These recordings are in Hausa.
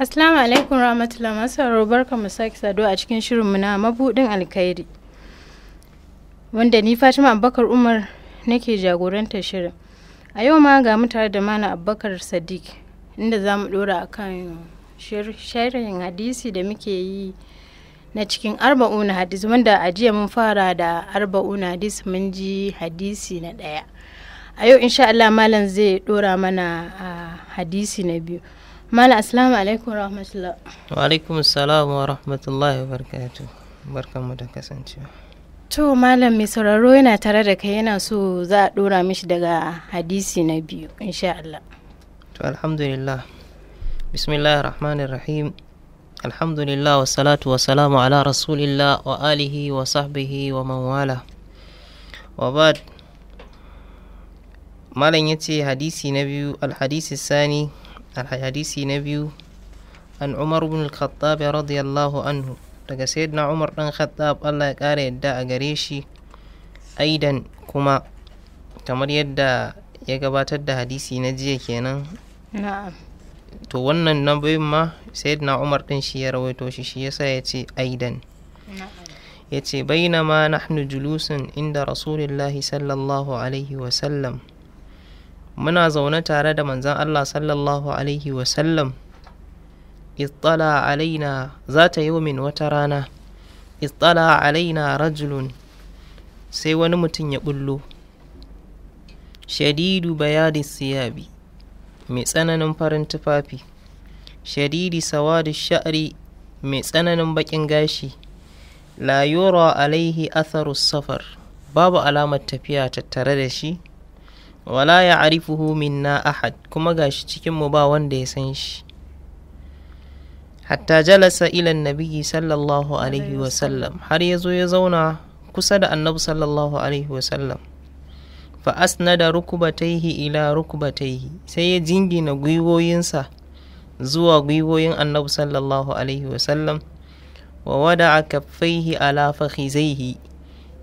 Assalamu alaikum rahmatullahi masararo barka mu sake sado a cikin shirin mu na mabudin alkhairi. Wanda ni Fatima Abubakar Umar nake jagorantar shirin. A yau ma ga mu tare da Malam Abubakar Sadiq inda za mu dora akan shirin hadisi da muke yi na cikin arba'un hadisi wanda a jiya mun fara da arba'un hadisi mun ji hadisi na ɗaya. A yau insha Allah Malam zai dora mana a ah, hadisi na biyu. mala assalamu alaikum rahmatullah wa alaikum assalamu wa rahmatullahi wa barakatuh barkanmu da kasancewa to malam mai sauraro yana tare da kai yana so za a dora mishi daga hadisi na biyu insha Allah to alhamdulillah bismillahir rahmanir rahim alhamdulillah wa salatu wa salamu ala rasulillah wa alihi wa sahbihi wa mawala wala wa ba'd malam ce hadisi na biyu alhadisi sani hadisi na biyu an umar bin al-khattab radiyallahu anhu daga sayyidina umar dan khattab Allah ya kara yadda a gare shi aidan kuma kamar yadda ya gabatar da hadisi na jiya kenan to wannan na bayan ma sayyidina umar din shi ya rawaito shi shi yasa ya ce aidan ya ce bainama nahnu julusun inda rasulillahi sallallahu alaihi wasallam muna zaune tare da manzan Allah sallallahu Alaihi wasallam istala alaina za ta yomin wata rana istala alaina rajulun sai wani mutum ya bullo shadidu bayadi siyabi mai tsananin farin tufafi shadidi sawadu sha'ri mai tsananin baƙin gashi la yura alaihi atharu safar babu alamar tafiya tattare da shi wala ya arifuhu minna ahad kuma ga gashi cikinmu ba wanda ya san shi hatta jalasa ilan nabiyyi sallallahu alaihi wasallam har ya zo ya zauna kusa da annabi sallallahu alaihi wasallam fa asnada rukubataihi ila rukubataihi sai ya jingina gwiwoyinsa zuwa gwiwoyin annabi sallallahu alaihi wasallam wa wada a kaffaihi ala fahizaihi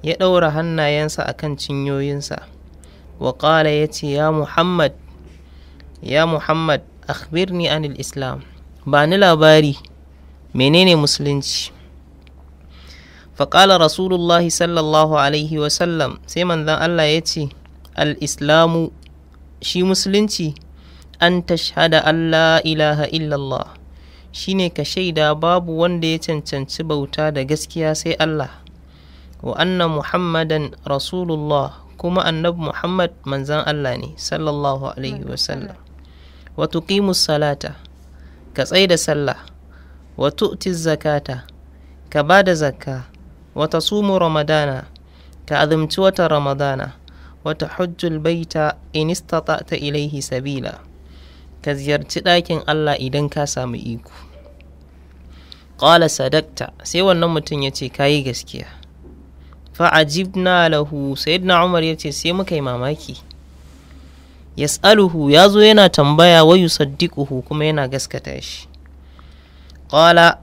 ya ɗaura hannayensa a kan cinyoyinsa wa ƙala ya ce ya muhammad ya muhammad akhbirni anil islam ba ni labari menene musulunci faƙala rasulullahi sallallahu alaihi wasallam sai manzan allah ya ce al-islamu shi musulunci an tashhada allah ilaha illallah shine ka shaida babu wanda ya cancanci bauta da gaskiya sai allah wa anna muhammadan rasulullah kuma annabi Muhammad manzan Allah ne sallallahu alaihi wasallam wa tuqimus salata ka tsaida sallah wa zakata ka ba da zakka Wata sumu ramadana ka azumci wata ramadana Wata tahujjul baita in ta ilaihi sabila ka ziyarci ɗakin Allah idan ka samu iko ƙala sadakta sai wannan mutum ya ce kayi gaskiya fa'ajibna lahu sayyidina umar ya ce sai muka yi mamaki yas'aluhu ya zo yana tambaya wa yusaddiquhu kuma yana gaskata shi qala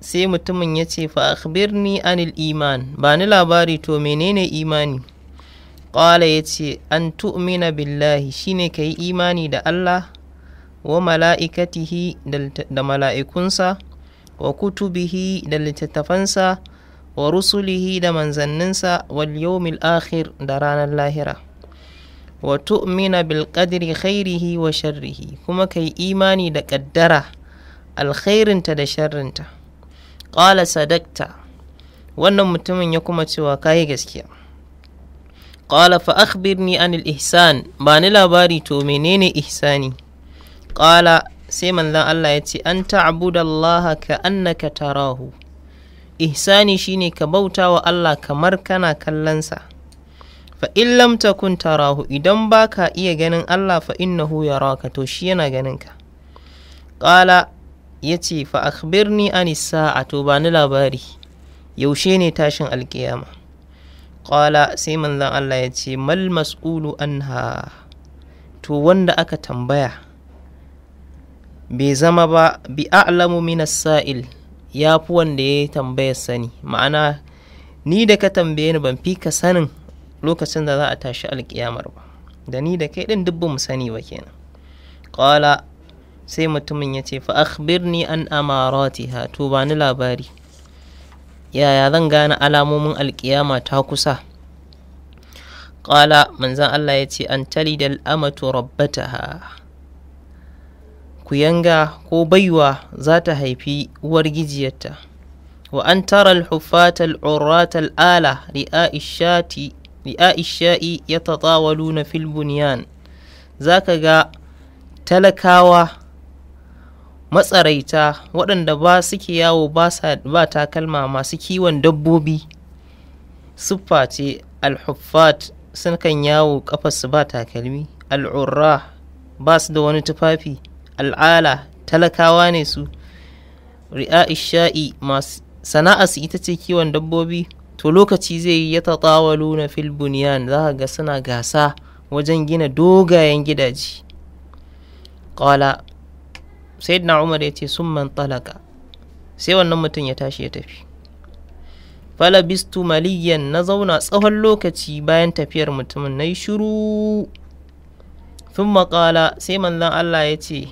sai mutumin ya ce fa anil iman ba ni labari to menene imani ƙala ya ce an tu'mina billahi shine ka yi imani da allah wa mala'ikatihi da mala'ikunsa wa kutubihi da littattafansa wa rusulihi da manzanninsa wal yawmil akhir da ranar lahira wa tu'mina bil qadri khairihi wa sharrihi kuma kai imani da ƙaddara alkhairinta da sharrinta Qala sadakta wannan mutumin ya kuma cewa kayi gaskiya Qala fa akhbirni anil ihsan ba ni labari to menene ihsani Qala sai manzon Allah ya ce an ta'budallaha ka annaka tarahu ihsani shine ka bauta wa Allah kamar kana kallonsa fa in lam takun tarahu idan baka iya ganin Allah fa innahu yaraka to shi yana ganin ka qala yace fa akhbirni an sa'a to bani labari yaushe ne tashin alkiyama qala sai manzan Allah yace mal mas'ulu anha to wanda aka tambaya bai zama ba bi a'lamu minas sa'il ya fi wanda ya tambaya sani ma'ana ni da ka tambaye ni ban fi ka sanin lokacin da za a tashi alkiyamar ba da ni da kai ɗin duk mu sani ba kenan ƙwala sai mutumin ya ce fa akhbirni an amaratiha to ba ni labari yaya zan gane alamomin alkiyama ta kusa ƙwala manzan Allah ya ce an tali da rabbataha kuyanga ko baiwa za ta haifi uwar gijiyarta wa an tara al-huffata al-urrata al-ala ri'a'ishai yatatawaluna fil bunyan zaka ga talakawa matsaraita waɗanda ba suke yawo ba takalma masu kiwon dabbobi su face al sun kan yawo su ba takalmi al'urra ba su da wani tufafi al'ala talakawa ne su ri'a isha'i masu sana'a su ita ce kiwon dabbobi to lokaci zai yi ya tatawalu na filbuniyan za ga suna gasa wajen gina dogayen gidaje sai na umar ya ce sun man talaka sai wannan mutum ya tashi ya tafi falabistu maliyan na zauna tsawon lokaci bayan tafiyar mutumin na yi shuru sun maƙala sai manzon allah ya ce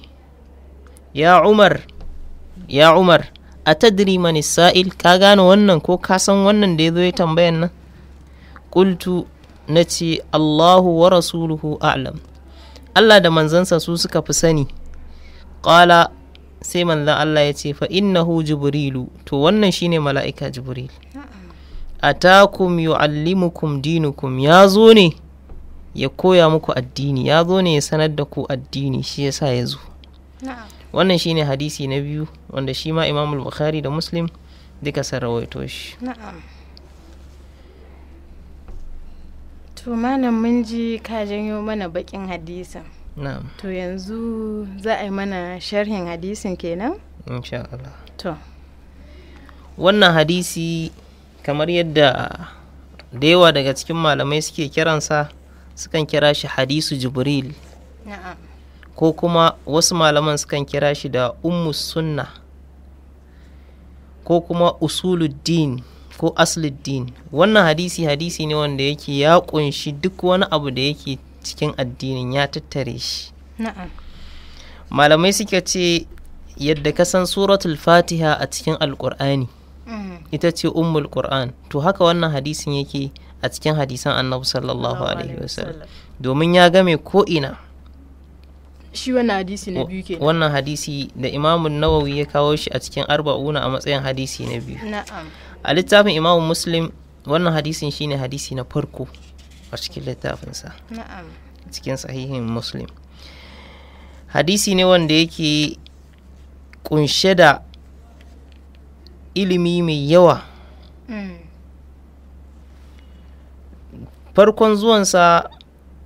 ya umar ya umar a tadri mani sa'il ka gane wannan ko ka san wannan da ya zo ya tambayan nan ƙultu na ce allahu wa rasuluhu a'lam allah da manzansa su suka fi sani ƙala sai manzan allah ya ce fa innahu jibrilu to wannan shine mala'ika jibril atakum yu'allimukum dinukum ya zo ne ya koya muku addini ya zo ne ya sanar da ku addini shi ya sa ya zo wannan shine hadisi na biyu wanda shi ma imam bukhari da muslim duka sun rawaito shi na'am to malam mun ji ka janyo mana bakin hadisin na'am to yanzu za a yi mana sharhin hadisin kenan insha Allah to wannan hadisi kamar yadda da yawa daga cikin malamai suke kiransa sukan kira shi hadisu jibril na'am ko kuma wasu malaman sukan kira shi da ummu sunna ko kuma usuluddin ko asluddin wannan hadisi hadisi ne wanda yake ya kunshi duk wani abu da yake cikin addinin ya tattare shi malamai suka ce yadda ka san suratul fatiha a cikin alkur'ani mm. ita ce ummul qur'an to haka wannan hadisin yake a cikin hadisan annabi sallallahu alaihi wasallam domin ya game ko ina shi wannan hadisi na biyu kenan wannan hadisi da imamun nawawi ya kawo shi a cikin arba'una a matsayin hadisi na biyu na'am a littafin imamun muslim wannan hadisin shine hadisi na farko a cikin littafinsa na'am cikin sahihin muslim hadisi ne wanda yake kunshe da ilimi mai yawa mm. farkon zuwansa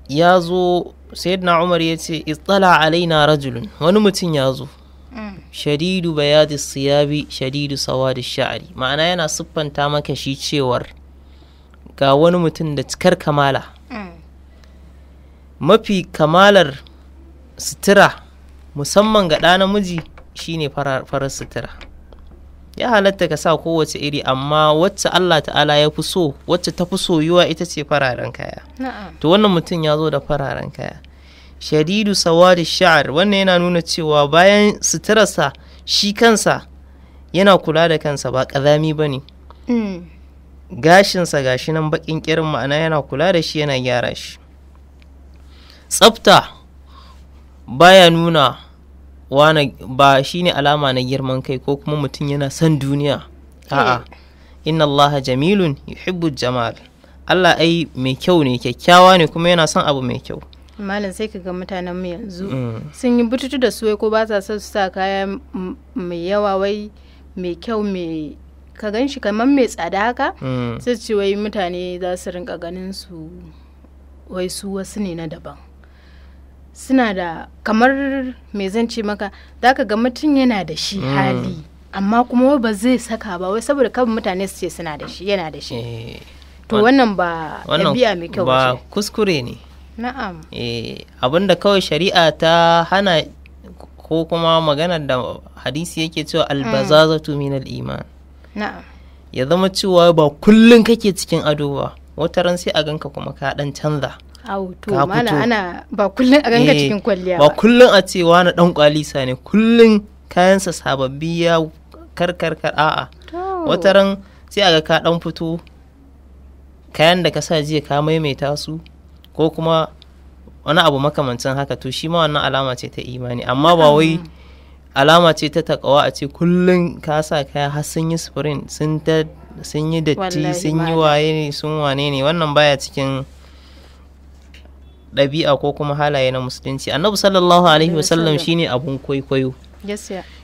ya zo sayyidina umar ya ce alai alaina rajulun wani mutum ya zo mm. shadidu bayadi siyabi shadidu sawadi sha'ari ma'ana yana siffanta maka shi cewar ga wani mutum da cikar kamala mm. mafi kamalar sutura musamman ga ɗa namiji shine farar sutura ya halatta ka sa kowace iri amma wacce Allah ta'ala ya fi so wacce ta fi soyuwa ita ce fararen kaya to wannan mutum ya zo da fararen kaya shadidu sawadi sha'ar wannan yana nuna cewa bayan suturarsa shi kansa yana kula da kansa ba ƙazami ba ne mm. gashinsa gashi nan baƙin ƙirin ma'ana yana kula da shi yana gyara shi tsafta baya nuna wana ba shine alama na girman kai ko kuma mutum yana son duniya a'a mm. inna allaha jamilun yuhibbu jamal Allah ai mai kyau ne kyakkyawa ne kuma yana son abu mai kyau malam sai kaga mutanen mu yanzu mm. sun yi bututu da su ko ba sa son su sa kaya mai yawa wai mai kyau mai ka gan shi kamar mai tsada haka mm. sai ce wai mutane za su rinka ganin su wai su wasu ne na daban suna da kamar mai zan ce maka za ka ga mutum yana da shi mm. hali amma kuma wai ba zai saka ba wai saboda kan mutane su ce suna da shi yana da shi eh. to wannan ba ɗabi'a mai kyau ba kuskure ne na'am eh abinda kawai shari'a ta hana ko kuma maganar da hadisi yake cewa albazazatu min al-iman na'am ya zama cewa ba kullun kake cikin ado ba wata ran sai a ganka kuma ka dan canza to mana ana ba kullun a ganka eh, cikin kwalliya ba kullun a ce wani dan kwalisa ne kullun kayansa sababbi ya kar a'a wata ran sai a ga ka dan fito kayan da ka sa jiya ka maimaita su ko kuma wani abu makamancin haka to shi ma wannan alama ce ta imani amma ba wai mm. alama ce ta takawa a ce kullum ka sa kaya har sun yi spring sun yi datti sun yi waye ne sun wane ne wannan baya cikin ɗabi'a ko kuma halaye na musulunci annabi sallallahu alaihi wa sallam shine abun kwaikwayo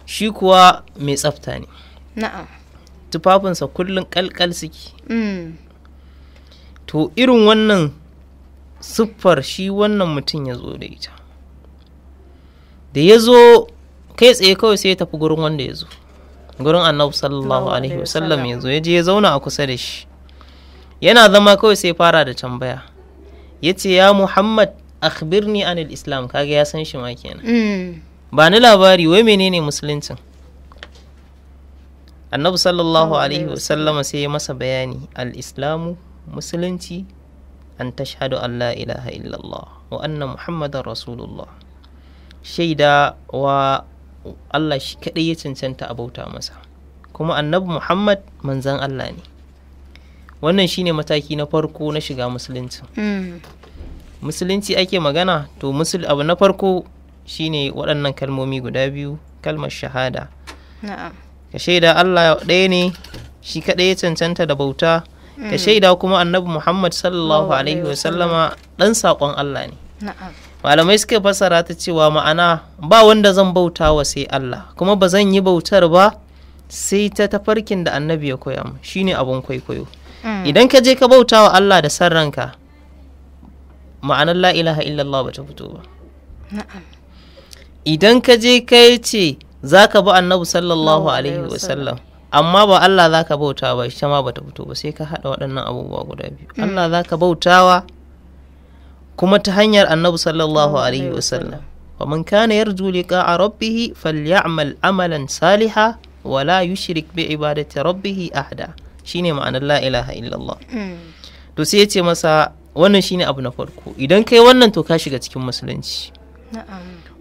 shi kuwa mai tsafta ne tufafinsa kullum kalkal suke mm. to irin wannan siffar shi wannan mutum ya zo da ita da ya zo kai tsaye kawai sai ya tafi gurin wanda ya zo gurin annabi sallallahu alaihi wasallam ya zo ya je ya zauna a kusa da shi yana zama kawai sai fara da tambaya ya ce ya muhammad akhbirni anil islam kaga ya san shi ma kenan mm. ba ni labari wai menene musuluncin annabi sallallahu alaihi wasallama sai ya masa bayani al-islamu musulunci an tashhadu an la ilaha illallah wa anna muhammadan rasulullah shaida wa Allah shi kaɗai ya cancanta a bauta masa kuma annabi muhammad manzan Allah ne wannan shine mataki na farko na shiga musulunci musulunci ake magana to abu na farko shine waɗannan kalmomi guda biyu kalmar shahada ka shaida Allah ɗaya ne shi kaɗai ya cancanta da bauta ka shaida kuma annabi muhammad sallallahu alaihi wasallama dan sakon allah ne malamai suka fassara ta cewa ma'ana ba wanda zan bauta wa sai allah kuma ba zan yi bautar ba sai ta tafarkin da annabi ya koya mu shine abun kwaikwayo mm. idan ka je ka bauta wa allah da sarranka ma'anar la ilaha illallah ba ta fito ba idan ka je ka ce za ka bi annabi sallallahu alaihi wasallam amma ba Allah za ka bauta ba ita ma bata fito ba sai ka haɗa waɗannan abubuwa guda biyu mm. Allah za ka bautawa kuma ta hanyar annabi sallallahu alaihi wasallam wa man kana yarju liqa'a rabbih falyamal amalan saliha wa la yushrik bi ibadati rabbih ahada shine ma'anar la ilaha illallah mm. to sai ya ce masa wannan shine abu na farko idan kai wannan to ka shiga cikin musulunci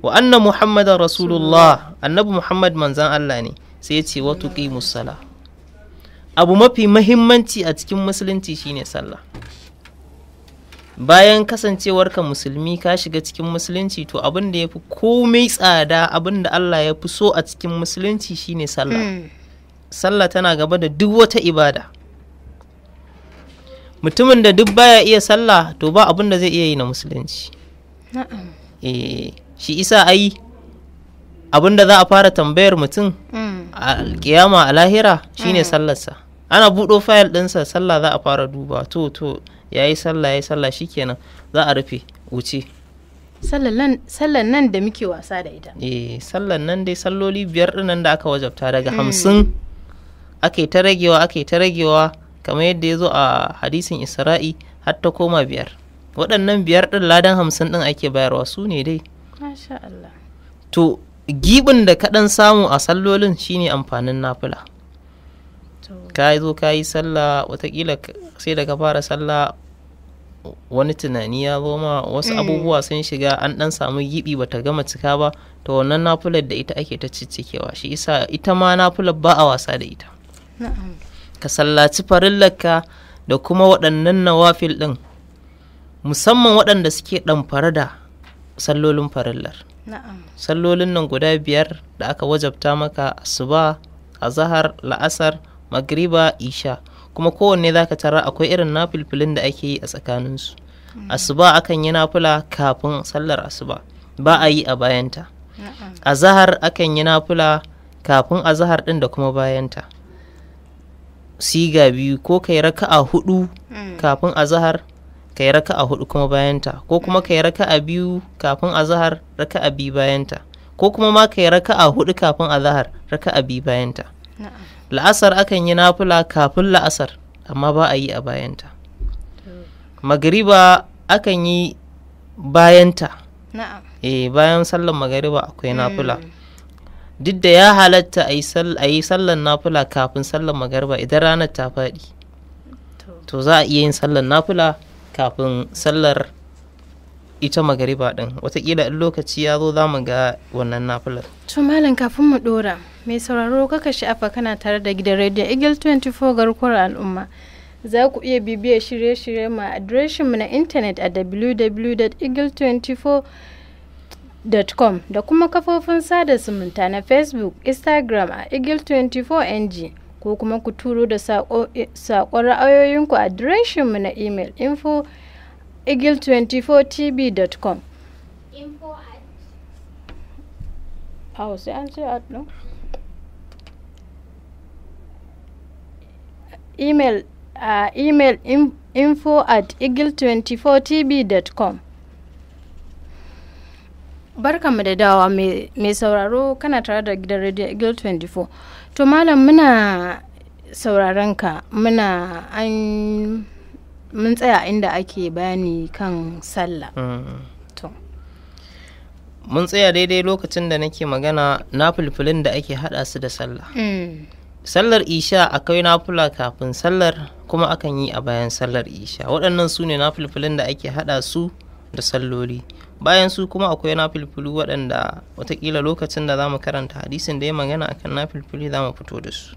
wa anna muhammadan rasulullah annabi muhammad manzan Allah ne sai ya ce wa tuƙi sala abu mafi mahimmanci a cikin musulunci shine sallah bayan kasancewarka musulmi ka shiga cikin musulunci to abin da ya fi komai tsada abin da Allah ya fi so a cikin musulunci shine sallah hmm. sallah tana gaba da duk wata ibada mutumin da duk baya iya sallah to ba abin da zai iya yi na musulunci e, shi isa ai abinda za a fara tambayar mutum mm. a kiyama a lahira shine mm. sallarsa ana buɗo fayil ɗinsa sallah za a fara duba to to ya yi sallah ya yi sallah shikenan za a rufe wuce sallan nan da muke wasa da ita eh sallan nan dai salloli biyar ɗinan da aka wajabta daga mm. hamsin ake ta ragewa ake ta ragewa kamar yadda ya zo a hadisin isra'i har ta koma biyar waɗannan biyar ɗin ladan hamsin ɗin ake bayarwa su ne dai to gibin da kaɗan samu a sallolin shine amfanin nafila ka zo ka yi sallah watakila sai daga fara sallah wani tunani ya zo ma wasu mm. abubuwa sun shiga an ɗan samu gibi bata gama cika ba to wannan nafular da ita ake ta ciccikewa shi isa ita ma nafular ba a wasa da ita ka sallaci farillarka da kuma waɗannan nawafil ɗin musamman waɗanda suke ɗamfare da sallolin farillar sallolin nan guda biyar da aka wajabta maka asuba azahar la'asar magriba isha kuma kowanne ka tara akwai irin nafilfilin da ake yi a tsakaninsu hmm. asuba akan yi nafila kafin sallar asuba ba a yi a bayanta azahar akan yi nafila kafin azahar ɗin da kuma bayanta siga biyu ko kai raka'a hudu hmm. kafin azahar ka yi raka a hudu kuma bayanta ko kuma ka yi raka a biyu kafin azahar a biyu bayanta ko kuma ma ka yi raka a hudu kafin azahar a biyu bayanta la'asar akan yi nafula kafin la'asar amma ba a yi a bayanta magariba akan yi bayanta eh bayan sallan magariba akwai hmm. nafula duk da ya halatta a yi sallan nafula kafin sallan magariba idan ranar ta faɗi to za a iya yin sallan nafula. kafin sallar ita magariba din watakila in lokaci ya zo za ga wannan nafilar. to malam kafin mu dora mai sauraro kaka sha'afa kana tare da gidan radio eagle 24 garkuwar al'umma za ku iya bibiyar shirye-shirye ma mu na intanet a www.eagle24.com da kuma kafofin sada zumunta na facebook instagram a eagle24ng ko kuma ku turo da saƙon ra'ayoyinku a mu na email info eagle 24 tbcom email a uh, email info at eagle24tv.com barkanmu da dawa mai sauraro kana tare da gidan radio eagle 24 to malam muna sauraron ka muna an mun tsaya inda ake bayani kan sallah mm. to mun tsaya daidai lokacin da nake magana na fulfulin da ake hada su da sallah mm. sallar isha akwai nafula kafin sallar kuma akan yi a bayan sallar isha waɗannan su ne da ake hada su da salloli bayan su kuma akwai filfili waɗanda watakila lokacin da za mu karanta hadisin da ya magana akan nafilfili za mu fito da su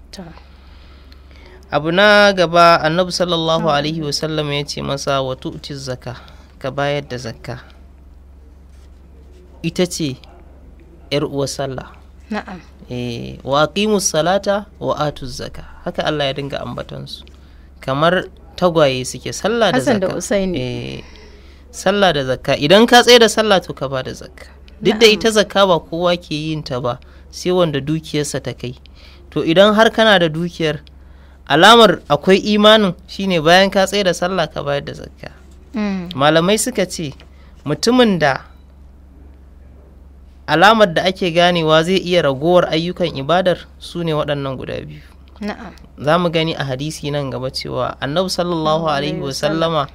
abu na gaba annabi sallallahu hmm. alaihi wasallam ya ce masa wa zakka ka bayar da zakka ita ce yar uwa sallah eh, wa salata wa atuz zakka haka Allah ya dinga ambatansu. kamar tagwaye suke sallah da zakka sallah da zakka idan ka tsaye da sallah to ka ba da zakka duk da ita zakka ba kowa ke yin ta ba sai wanda dukiyarsa ta kai to idan har kana da dukiyar alamar akwai imanin shine bayan ka tsaye da sallah ka bayar da zakka mm. malamai suka ce mutumin da alamar da ake ganewa zai iya ragowar ayyukan ibadar su ne waɗannan guda biyu za mu gani a hadisi nan gaba cewa annabi sallallahu alaihi wasallama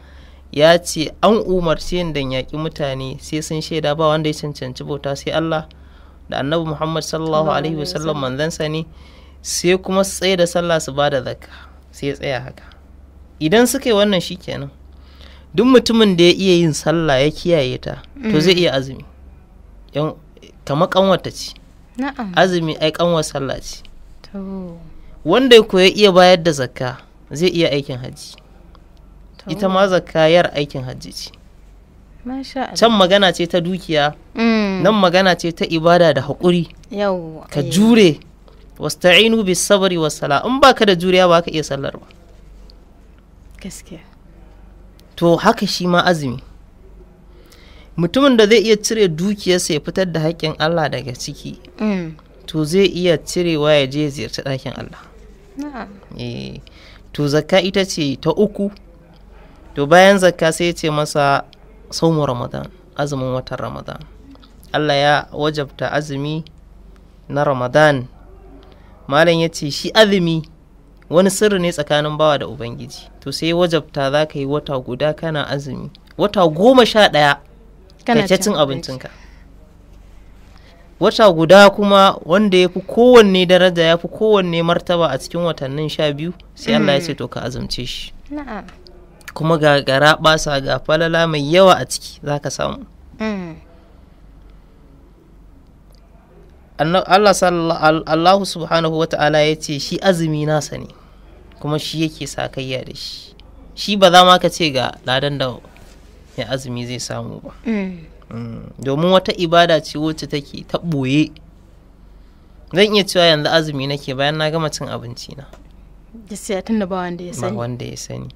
ya ce an umarce dan yaƙi mutane sai sun shaida ba wanda ya cancanci bauta sai Allah da annabi Muhammad sallallahu alaihi wa sallam manzansa ne sai kuma su tsaye da sallah su bada zakka sai tsaya haka idan suka yi wannan shikenan duk mutumin da ya iya yin sallah ya kiyaye ta to zai mm. iya azumi kamar kanwata ce azumi ai kanwar sallah ce wanda ya ya iya bayar da zakka zai iya aikin hajji ita ma zakka yar aikin hajji ce can magana ce ta dukiya mm. nan magana ce ta ibada da haƙuri ka jure wasta'inu bis sabari wasu sala in baka da juriya ba ka iya sallar ba gaskiya to haka shi ma azumi mutumin da zai iya cire dukiya sai fitar da haƙƙin Allah daga ciki mm. to zai iya cirewa ya je ziyarci ɗakin Allah eh, to Zaka ita ce ta uku to bayan zakka sai ce masa saumu ramadan azumin watan ramadan allah ya wajabta azumi na ramadan malam ya ce shi azumi wani sirri ne tsakanin bawa da ubangiji to sai wajabta za ka yi wata guda kana azumi wata goma sha ɗaya kake cin abincinka wata guda kuma wanda ya fi kowanne daraja ya fi kowanne martaba a cikin watannin sha biyu sai mm. allah ya ce to ka azumce shi kuma ga gara basa ga falala mai yawa a ciki za ka samu mm. Allah subhanahu wa ta'ala ya ce shi azumi nasa ne kuma shi yake sa kayya da shi shi ba za ma ka ce ga ladan da ya azumi zai samu ba mm. Mm. domin wata ibada ce wacce take ta ɓoye zan iya cewa yanzu azumi nake bayan na gama cin abinci na da tun da ba wanda ya sani ba wanda ya sani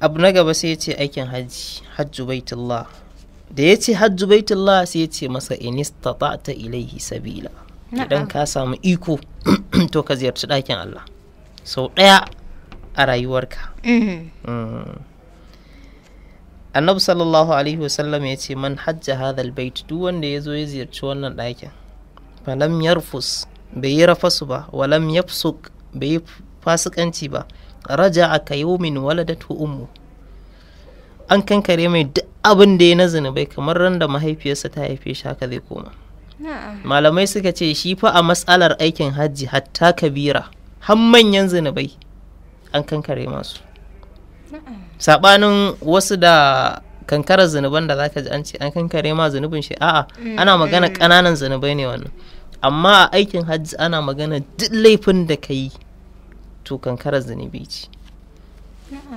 abu na gaba sai ya ce aikin hajji hajju baitullah da ya ce hajju baitullah sai ya ce masa ta ilaihi sabila idan ka samu iko to ka ziyarci ɗakin Allah sau ɗaya a rayuwarka mm-hmm. mm. annabi sallallahu alaihi wasallam ya ce man hajja hadal bait duk wanda ya zo ya ziyarci wannan ɗakin falam yarfus bai yi rafasu ba walam yafsuk bai yi fasikanci ba Raja raja'a ka yawmin waladatu ummu an kankare mai duk abin da ya na zunubai kamar ran da mahaifiyarsa ta haife shi haka zai koma malamai suka ce shi fa a matsalar aikin hajji hatta kabira har manyan zunubai an kankare masu sabanin wasu da kankarar zunuban da zaka ji an ce an kankare ma zunubin shi a'a mm, ana magana kananan mm. zunubai ne wannan amma a aikin hajji ana magana duk laifin da ka yi to kankarar zunubi ce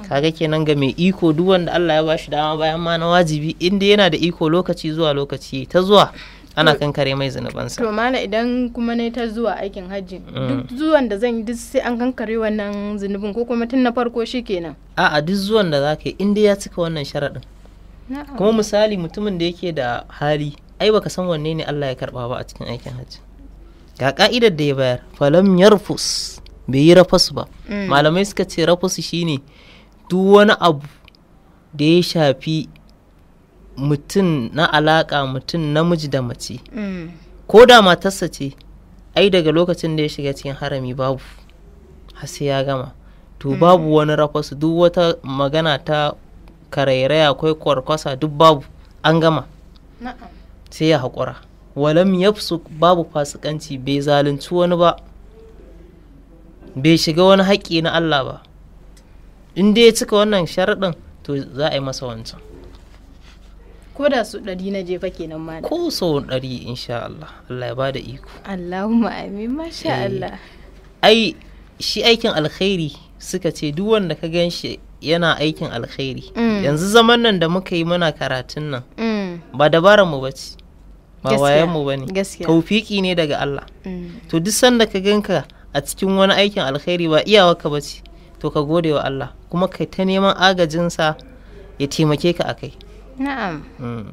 kaga kenan ga mai iko duk wanda Allah ya bashi dama bayan ma na wajibi inda yana da iko lokaci zuwa lokaci ta zuwa ana kankare mai zunubansa to mana idan kuma ne ta zuwa aikin hajji mm. duk zuwan da zan yi duk sai an kankare wannan zunubin ko kuma tun na farko shikenan a'a duk zuwan da zaka yi inda ya cika wannan sharaɗin kuma misali mutumin da yake da hali ai baka san wanne ne Allah ya karba ba a cikin aikin hajji ga ka'idar da ya bayar falam yarfus bai yi rafasu ba mm. malamai suka ce rafasu shine duk wani abu da ya shafi mutum na alaka mutum namiji da mace mm. ko da matarsa ce ai daga lokacin da ya shiga cikin harami babu sai ya gama to mm. babu wani rafasu duk wata magana ta karairaya akwai kwarkwasa duk babu an gama sai ya haƙura walam yafsu babu fasikanci bai zalunci wani ba bai shiga wani haƙƙi na Allah ba in dai ya cika wannan sharaɗin to za a yi masa wancan ko da su ɗari na jefa kenan ma ko sau ɗari insha Allah Allah ya bada iko Allahumma amin masha eh. Allah ai shi aikin alkhairi suka ce duk wanda ka gan shi yana aikin alkhairi mm. yanzu zaman nan da muka yi muna karatun nan mm. ba dabaran mu bace ba wayan mu bane tawfiki ne daga Allah mm. to duk sanda ka ganka a cikin wani aikin alkhairi ba iyawarka ba ce to ka gode wa Allah kuma kai ta neman agajinsa ya taimake ka a kai na'am mm.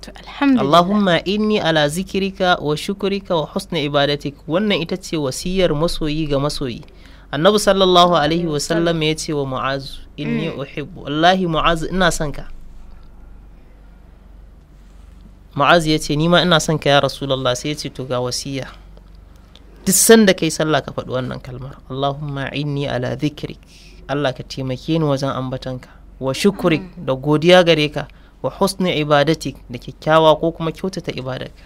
to alhamdulillah Allahumma inni ala zikirika wa shukurika wa husna ibadatik wannan ita ce wasiyar masoyi ga masoyi annabi sallallahu alaihi wa sallam ya ce wa mu'az inni mm. uhibbu wallahi mu'az ina son ka mu'az ya ce ni ma ina son ka ya rasulullah sai ya ce to ga wasiya duk sanda kai sallah ka faɗi wannan kalmar Allahumma inni ala zikrik Allah ka taimake ni wajen ambatanka wa shukrik mm. da godiya gare ka wa husni ibadatik da kyakkyawa ko kuma kyautata ibadarka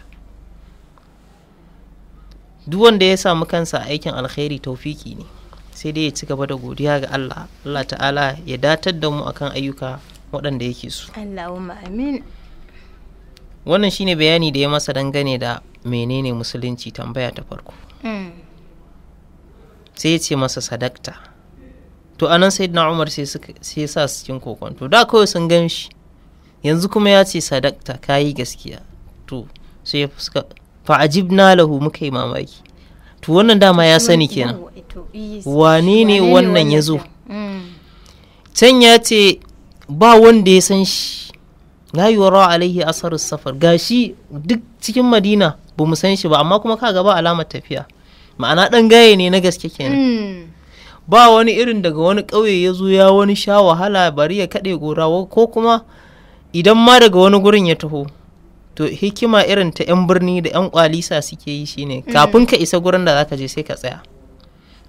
duk wanda ya samu kansa aikin alkhairi taufiki ne sai dai ya ci gaba da godiya ga Allah Allah ta'ala ya datar da mu akan ayyuka waɗanda yake so Allahumma amin wannan shine bayani da ya masa dangane da menene musulunci tambaya ta farko sai ya ce masa sadakta to anan sai na umar sai sa su cikin kokonto da kawai sun gan shi yanzu kuma ya ce sadakta yi gaskiya to sai ya fuska fa'ajib na lahu muka yi mamaki to wannan dama ya sani kenan wane ne wannan ya zo can ya ce ba wanda ya san shi la rawa alaihi asarar safar gashi duk cikin madina ba mu san shi ba amma kuma kaga ba alamar tafiya ma'ana dan gaye ne na gaske kenan hmm. ba wani irin daga wani ƙauye ya zo ya wani sha wahala bari ya kaɗe gora ko kuma idan ma daga wani gurin ya taho to hikima irin ta 'yan birni da 'yan kwalisa suke yi shine hmm. kafin ka isa gurin da zaka je sai ka tsaya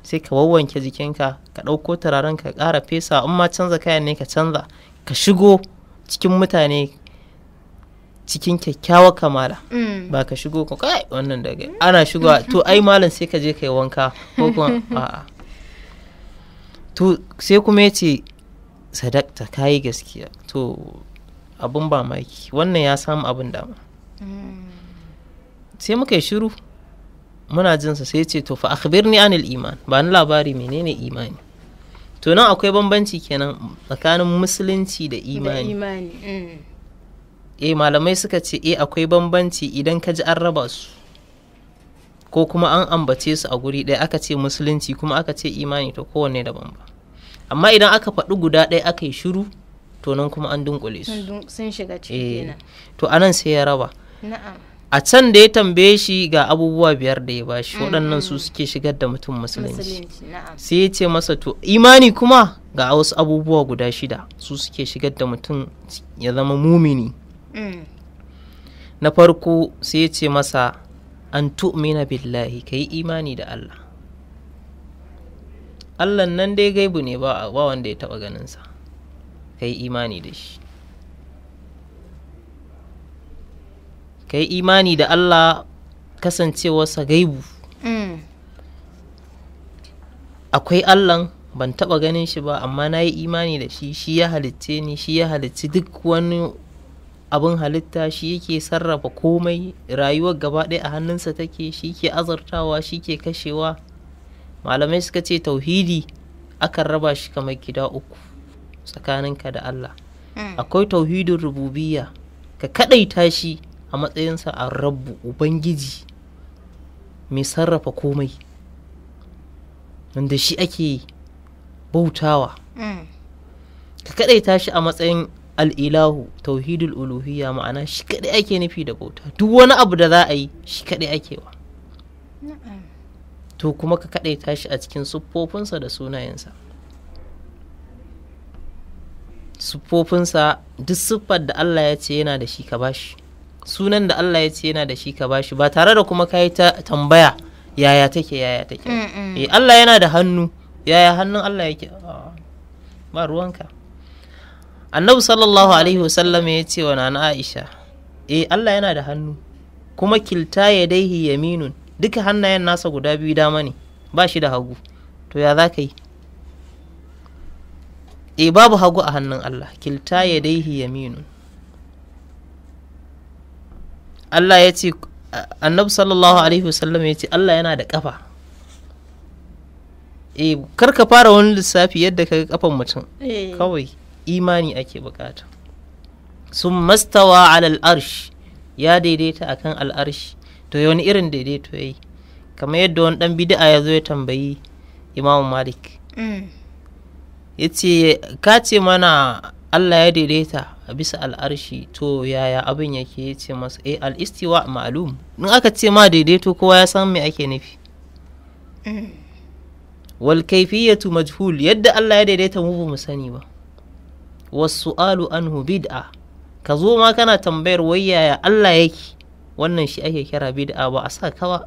sai ka wawwanke jikinka ka ɗauko turaren ka ƙara fesa in ma canza kayan ne ka canza ka shigo cikin mutane cikin kyakkyawar kamala mm. ba ka shigo ko kai wannan daga ana shigowa to ai malam sai ka je kai wanka ko kuma a'a to sai kuma yace sadakta kayi gaskiya to abun ba maki wannan ya samu abin dama mm. sai muka yi shiru muna jinsa sai ce to fa akhbirni anil iman ba ni labari menene imani to nan akwai bambanci kenan tsakanin musulunci da imani mm. eh malamai suka ce e akwai bambanci idan ka ji an raba su ko kuma an ambace su a guri ɗaya aka ce musulunci kuma aka ce imani to kowanne daban ba amma idan aka faɗi guda ɗaya aka yi shiru to nan kuma an dunkule su sun shiga eh, to anan sai ya raba a can da ya tambaye shi ga abubuwa biyar da ya bashi waɗannan su suke shigar da mutum musulunci sai ya ce masa to imani kuma ga wasu abubuwa guda shida su suke shigar da mutum ya zama mumini na farko sai ya ce masa an tu'mina billahi ka yi imani da Allah Allah nan dai gaibu ne ba wanda ya taɓa ganinsa ka yi imani da shi ka yi imani da Allah kasancewarsa gaibu akwai Allahn ban taɓa ganin shi ba amma na yi imani da shi shi ya halitce ni shi ya halitce duk wani abin halitta shi yake sarrafa komai rayuwar gaba ɗaya a hannunsa take shi ke azartawa shi ke kashewa malamai suka ce tauhidi akan raba shi kamar gida uku tsakanin ka da Allah hmm. akwai tauhidin rububiya ka kaɗaita shi a matsayinsa a rabu ubangiji mai sarrafa komai wanda shi ake bautawa hmm. ka kaɗaita shi a matsayin al'ilahu tauhidul uluhiyya ma'ana shi kaɗai ake nufi da bauta duk wani abu da za a yi shi kaɗai ake wa to kuma ka kaɗai tashi a cikin siffofinsa da sunayensa siffofinsa duk siffar da Allah ya ce yana da shi ka bashi sunan da Allah ya ce yana da shi ka bashi ba tare da kuma kai ta tambaya yaya take yaya take eh Allah yana da hannu yaya hannun Allah yake ah, ba ruwanka annabi sallallahu alaihi wasallam ya ce wa nana aisha eh allah yana da hannu kuma kilta ya daihi yaminun duka hannayen nasa guda biyu dama ne ba shi da hagu to ya za ka yi e babu hagu a hannun allah kilta ya daihi yaminun allah ya ce annabi sallallahu alaihi wasallam ya ce allah yana da kafa e eh, kar ka fara wani lissafi yadda ka kafan mutum eh. kawai imani ake bukata sun mastawa alal arsh ya daidaita akan al'arshi to ya wani irin daidaito ya yi kamar yadda wani dan bid'a ya zo ya tambayi imamu malik mm. ya ce ka ce mana allah ya daidaita a bisa al'arshi to yaya abin yake ya ce masa eh al'istiwa ma'alum in aka ce ma daidaito kowa ya san me ake nufi mm. wal kaifiyatu majhul yadda allah ya daidaita mu ba mu sani ba Wasu Alu anhu bid'a ka zo ma kana tambayar wai yaya Allah yake wannan shi ake kira bid'a ba a sa ka ba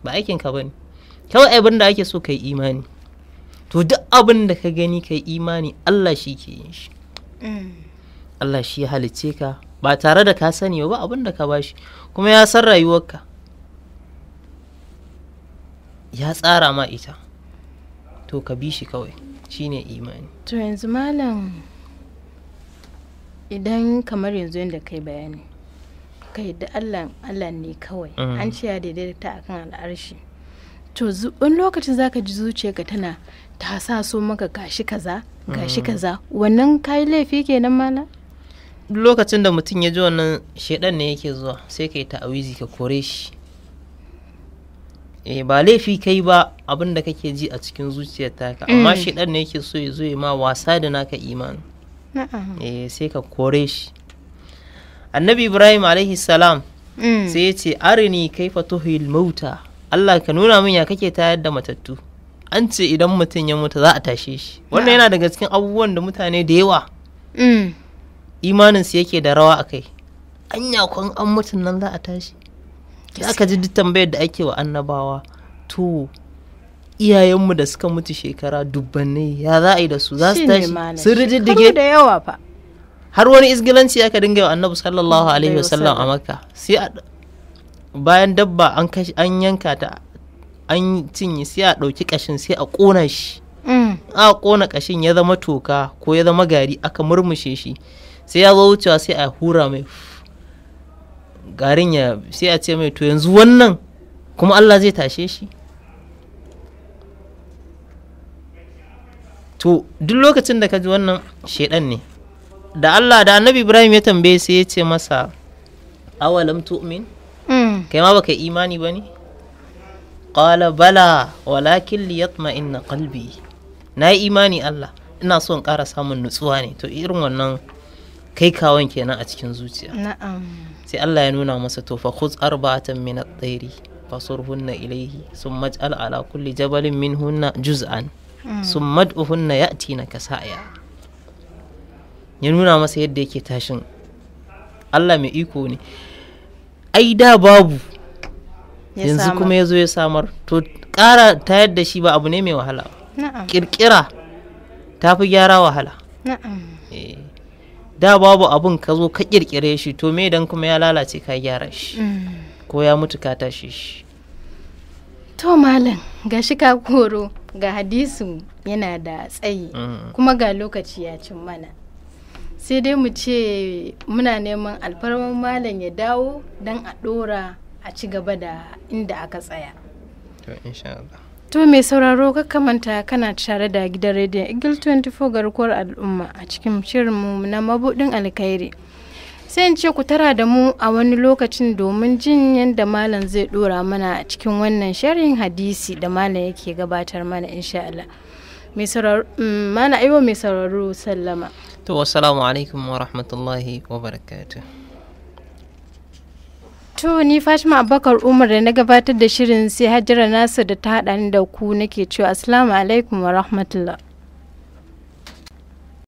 ba aikin ka bane kawai abin da ake so kai imani to duk abin da ka gani kai imani Allah shi ke yin shi mm. Allah shi halicce ka ba tare da ka sani ba abin da ka bashi kuma ya san rayuwarka ya tsara ma ita to ka bi shi kawai shine imani to yanzu malam idan kamar yanzu yadda kai bayani kai da allah ne kawai mm. an ce ya daidaita akan al'arshi to wani lokacin za ka ji zuciyarka tana ta sa so maka gashi kaza gashi mm. kaza wannan kayi laifi kenan mana? lokacin da mutum ya ji wannan shaidan ne yake zuwa sai ka yi ta'awizi ka kore shi eh ba laifi kai ba abinda da kake ji a cikin zuciyar ka. amma mm. shaidan ne yake so ya zo ya ma wasa da naka imani eh sai ka kore shi annabi ibrahim alaihi salam mm. sai ya ce arini kai tuhil mauta allah ka nuna min ya kake tayar da matattu an ce idan mutum ya mutu za a tashe shi wannan yana daga cikin abubuwan da mutane da yawa mm. imaninsu yake da rawa a kai anya kwan an mutum nan za a tashi za ka ji duk tambayar da ake wa annabawa to iyayenmu da suka mutu shekara dubbanai ya za a yi da su za su tashi sun rididdige da yawa fa har wani isgilanci aka dinga wa annabi sallallahu alaihi wasallam a makka sai bayan dabba an kashi an yanka ta an cinye sai a ɗauki kashin sai a ƙona shi mm. a ƙona kashin ya zama toka ko ya zama gari aka murmushe shi sai ya zo wucewa sai a hura mai garin ya sai a ce mai to yanzu wannan kuma Allah zai tashe shi to duk lokacin da ka ji wannan shaidan ne da Allah da annabi Ibrahim ya tambaye sai ya ce masa awalam tu'min mm. kai ma baka imani ba ne qala bala walakin liyatma'inna qalbi na yi imani Allah ina so in ƙara samun nutsuwa ne to irin wannan kai kawon kenan a cikin zuciya na'am sai Allah ya nuna masa to fa khudh arba'atan min at-tayri fasurhunna ilayhi summa ij'al ala kulli jabalin minhunna juz'an sun mad'uhunna ya'ti na kasaaya ya nuna masa yadda yake tashin Allah mai iko ne ai da babu yanzu kuma ya zo ya samar to kara ta yadda shi ba abu ne mai wahala kirkira ta fi gyara wahala eh. da babu abun ka zo ka kirkire shi to me dan kuma ya lalace ka gyara shi mm. ko ya mutu ka tashi shi to malam gashi ka koro ga hadisu yana da tsayi mm. kuma ga lokaci ya cin mana sai dai mu ce muna neman alfarman malam ya dawo don a ɗora a ci gaba da inda aka tsaya to mai sauraro manta kana tare da gidan rediyon eagle 24 garkuwar al'umma a cikin mu na mabudin alkhairi sai in ce ku tara da mu a wani lokacin domin jin yadda malam zai dora mana a cikin wannan sharhin hadisi da malam yake gabatar mana insha Allah mana mm, aiwa mai sauraro sallama to wassalamu alaikum wa rahmatullahi wa barakatu. to ni Fashima abubakar umar da na gabatar da shirin sai hajjira nasa da ta haɗa da ku nake cewa assalamu alaikum wa rahmatullahi.